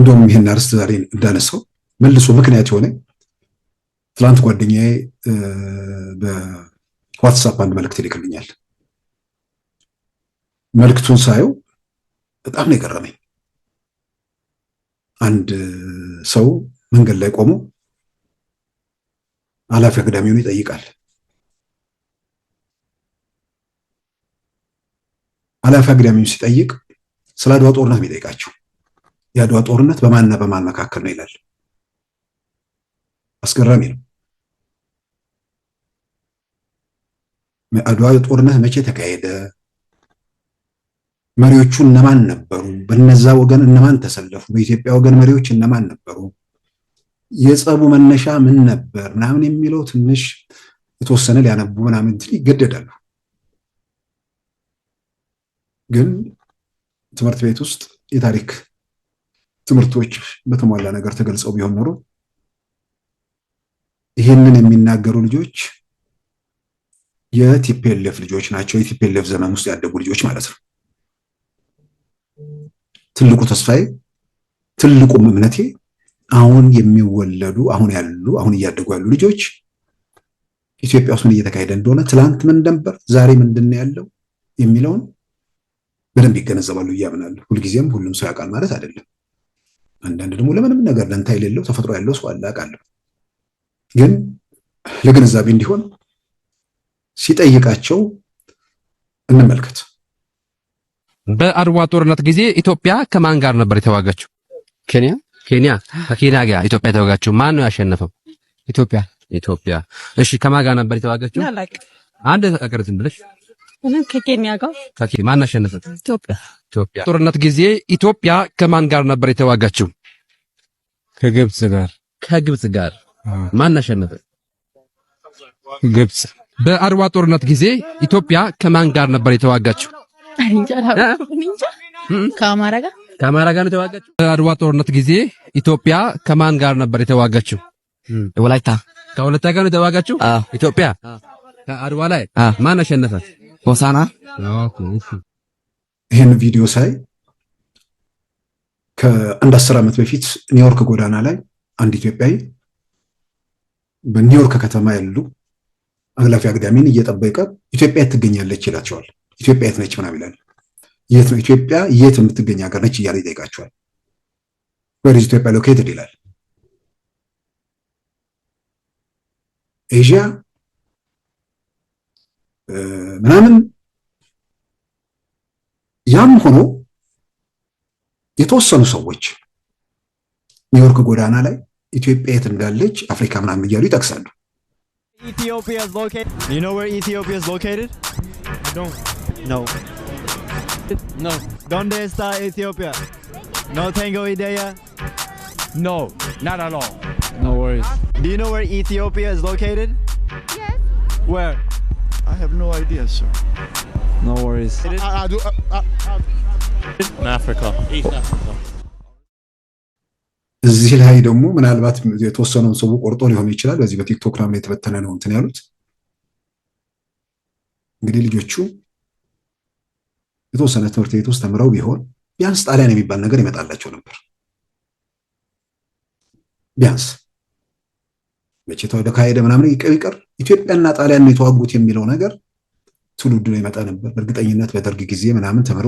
እንደውም ይህን አርስት ዛሬ እንዳነሳው መልሶ ምክንያት የሆነ ትላንት ጓደኛዬ በዋትሳፕ አንድ መልክት ይልክልኛል። መልክቱን ሳየው በጣም ነው የገረመኝ። አንድ ሰው መንገድ ላይ ቆሞ አላፊ አግዳሚውን ይጠይቃል። አላፊ አግዳሚውን ሲጠይቅ ስለ አድዋ ጦርነት ነው የሚጠይቃቸው። የአድዋ ጦርነት በማንና በማን መካከል ነው ይላል። አስገራሚ ነው። የአድዋ ጦርነት መቼ ተካሄደ? መሪዎቹ እነማን ነበሩ? በነዛ ወገን እነማን ተሰለፉ? በኢትዮጵያ ወገን መሪዎች እነማን ነበሩ? የጸቡ መነሻ ምን ነበር? ምናምን የሚለው ትንሽ የተወሰነ ሊያነቡ ምናምን ይገደዳሉ። ግን ትምህርት ቤት ውስጥ የታሪክ ትምህርቶች በተሟላ ነገር ተገልጸው ቢሆን ኖሮ ይህንን የሚናገሩ ልጆች የቲፔልፍ ልጆች ናቸው። የቲፔልፍ ዘመን ውስጥ ያደጉ ልጆች ማለት ነው። ትልቁ ተስፋዬ፣ ትልቁም እምነቴ አሁን የሚወለዱ አሁን ያሉ አሁን እያደጉ ያሉ ልጆች ኢትዮጵያ ውስጥ ምን እየተካሄደ እንደሆነ ትላንት ምን ነበር፣ ዛሬ ምንድን ነው ያለው የሚለውን በደንብ ይገነዘባሉ እያምናለሁ። ሁልጊዜም ሁሉም ሰው ያውቃል ማለት አይደለም። አንዳንድ ደግሞ ለምንም ነገር ደንታ የሌለው ተፈጥሮ ያለው ሰው አለ አውቃለሁ። ግን ለግንዛቤ እንዲሆን ሲጠይቃቸው እንመልከት። በአድዋ ጦርነት ጊዜ ኢትዮጵያ ከማን ጋር ነበር የተዋጋችው? ኬንያ ኬንያ ከኬንያ ጋር ኢትዮጵያ የተዋጋችው ማን ነው ያሸነፈው? ኢትዮጵያ ኢትዮጵያ። እሺ ከማን ጋር ነበር የተዋጋችው? አንድ አቀርትን ብለሽ ከኬንያ ጋር ማን አሸነፈት? ኢትዮጵያ። ኢትዮጵያ ጦርነት ጊዜ ኢትዮጵያ ከማን ጋር ነበር የተዋጋችው? ከግብጽ ጋር። ከግብጽ ጋር ማን አሸነፈ? ግብጽ። በአድዋ ጦርነት ጊዜ ኢትዮጵያ ከማን ጋር ነበር የተዋጋችው? ከአማራ ጋር። ከአማራ ጋር የተዋጋችው። በአድዋ ጦርነት ጊዜ ኢትዮጵያ ከማን ጋር ነበር የተዋጋችው? ወላይታ። ከወላይታ ጋር የተዋጋችው ኢትዮጵያ። አድዋ ላይ ማን አሸነፈ? ሆሳና ይህን ቪዲዮ ሳይ ከአንድ አስር ዓመት በፊት ኒውዮርክ ጎዳና ላይ አንድ ኢትዮጵያዊ በኒውዮርክ ከተማ ያሉ አግላፊ አግዳሚን እየጠበቀ ኢትዮጵያ የት ትገኛለች ይላቸዋል። ኢትዮጵያ የት ነች ምናምን ይላል። የት ነው ኢትዮጵያ የት የምትገኝ ሀገር ነች እያለ ይጠይቃቸዋል። ወደ ኢትዮጵያ ሎኬትድ ይላል። ኤዥያ ምናምን ያም ሆኖ የተወሰኑ ሰዎች ኒውዮርክ ጎዳና ላይ ኢትዮጵያ የት እንዳለች አፍሪካ ምናምን እያሉ ይጠቅሳሉ። ኢትዮጵያ I have no idea, sir. No worries. I, I I do, uh, I, in Africa. East Africa. እዚህ ላይ ደግሞ ምናልባት የተወሰነውን ሰው ቆርጦ ሊሆን ይችላል። በዚህ በቲክቶክ ላይ የተበተነ ነው እንትን ያሉት እንግዲህ ልጆቹ የተወሰነ ትምህርት ቤት ውስጥ ተምረው ቢሆን ቢያንስ ጣሊያን የሚባል ነገር ይመጣላቸው ነበር ቢያንስ መቼ ተካሄደ ምናምን ይቀር ኢትዮጵያና ጣሊያን የተዋጉት የሚለው ነገር ትውልድ ነው ይመጣ ነበር። በእርግጠኝነት በደርግ ጊዜ ምናምን ተምሮ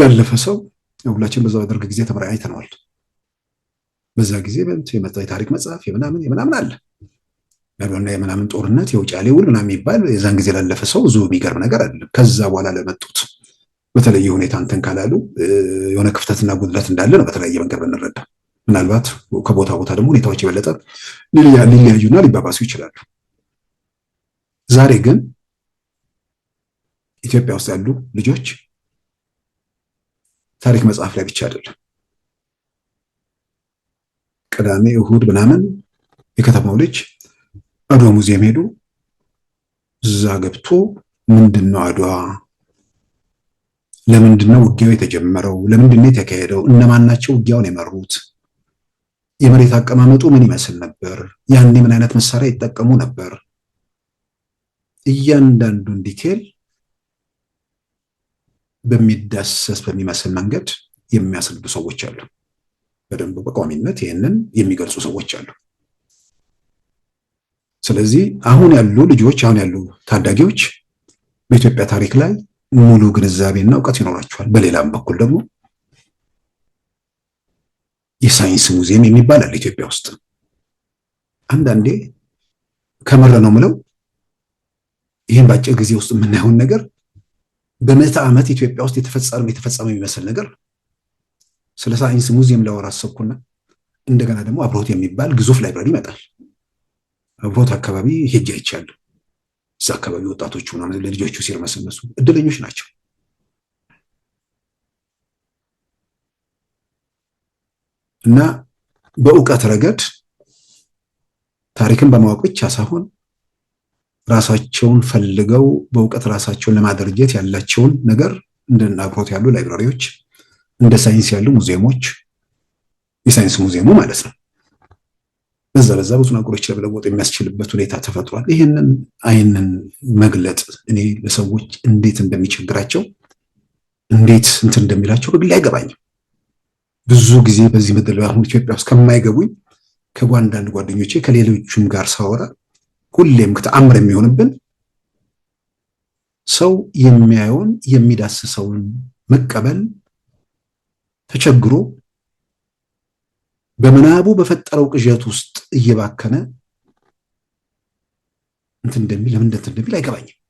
ያለፈ ሰው ሁላችን በዛ በደርግ ጊዜ ተምረ አይተነዋል። በዛ ጊዜ የመጣ የታሪክ መጽሐፍ የምናምን የምናምን አለ ያሉና የምናምን ጦርነት የውጫሌ ውል ምናምን የሚባል የዛን ጊዜ ላለፈ ሰው ብዙ የሚገርም ነገር አይደለም። ከዛ በኋላ ለመጡት በተለየ ሁኔታ እንትን ካላሉ የሆነ ክፍተትና ጉድለት እንዳለ ነው በተለያየ መንገድ ብንረዳ ምናልባት ከቦታ ቦታ ደግሞ ሁኔታዎች የበለጠ ሊለያዩና ሊባባሱ ይችላሉ። ዛሬ ግን ኢትዮጵያ ውስጥ ያሉ ልጆች ታሪክ መጽሐፍ ላይ ብቻ አይደለም ቅዳሜ እሁድ ምናምን የከተማው ልጅ አድዋ ሙዚየም ሄዱ። እዛ ገብቶ ምንድን ነው አድዋ? ለምንድን ውጊያው የተጀመረው? ለምንድን ነው የተካሄደው? እነማን ናቸው ውጊያውን የመሩት? የመሬት አቀማመጡ ምን ይመስል ነበር? ያኔ ምን አይነት መሳሪያ ይጠቀሙ ነበር? እያንዳንዱን ዲቴል በሚዳሰስ በሚመስል መንገድ የሚያስረዱ ሰዎች አሉ። በደንብ በቋሚነት ይህንን የሚገልጹ ሰዎች አሉ። ስለዚህ አሁን ያሉ ልጆች አሁን ያሉ ታዳጊዎች በኢትዮጵያ ታሪክ ላይ ሙሉ ግንዛቤና እውቀት ይኖራቸዋል። በሌላም በኩል ደግሞ የሳይንስ ሙዚየም የሚባል አለ ኢትዮጵያ ውስጥ። አንዳንዴ ከመረ ነው ምለው ይህን በአጭር ጊዜ ውስጥ የምናየውን ነገር በምዕተ ዓመት ኢትዮጵያ ውስጥ የተፈጸመ የተፈጸመ የሚመስል ነገር ስለ ሳይንስ ሙዚየም ላወራ አሰብኩና እንደገና ደግሞ አብሮት የሚባል ግዙፍ ላይብራሪ ይመጣል። አብሮት አካባቢ ሄጃ አይቻለሁ። እዛ አካባቢ ወጣቶች ለልጆቹ ሲርመሰመሱ እድለኞች ናቸው። እና በእውቀት ረገድ ታሪክን በማወቅ ብቻ ሳይሆን ራሳቸውን ፈልገው በእውቀት ራሳቸውን ለማደርጀት ያላቸውን ነገር እንደ ናግሮት ያሉ ላይብራሪዎች፣ እንደ ሳይንስ ያሉ ሙዚየሞች፣ የሳይንስ ሙዚየሙ ማለት ነው። በዛ በዛ ብዙ ነገሮች ለመለወጥ የሚያስችልበት ሁኔታ ተፈጥሯል። ይህንን አይንን መግለጥ እኔ ለሰዎች እንዴት እንደሚቸግራቸው እንዴት እንትን እንደሚላቸው በግሌ አይገባኝም። ብዙ ጊዜ በዚህ መጠለያ ኢትዮጵያ ውስጥ ከማይገቡኝ ከአንዳንድ ጓደኞቼ ከሌሎችም ጋር ሳወራ ሁሌም ከተአምር የሚሆንብን ሰው የሚያየውን የሚዳስሰውን መቀበል ተቸግሮ በምናቡ በፈጠረው ቅዠት ውስጥ እየባከነ እንትን እንደሚል ለምን እንደሚል አይገባኝም።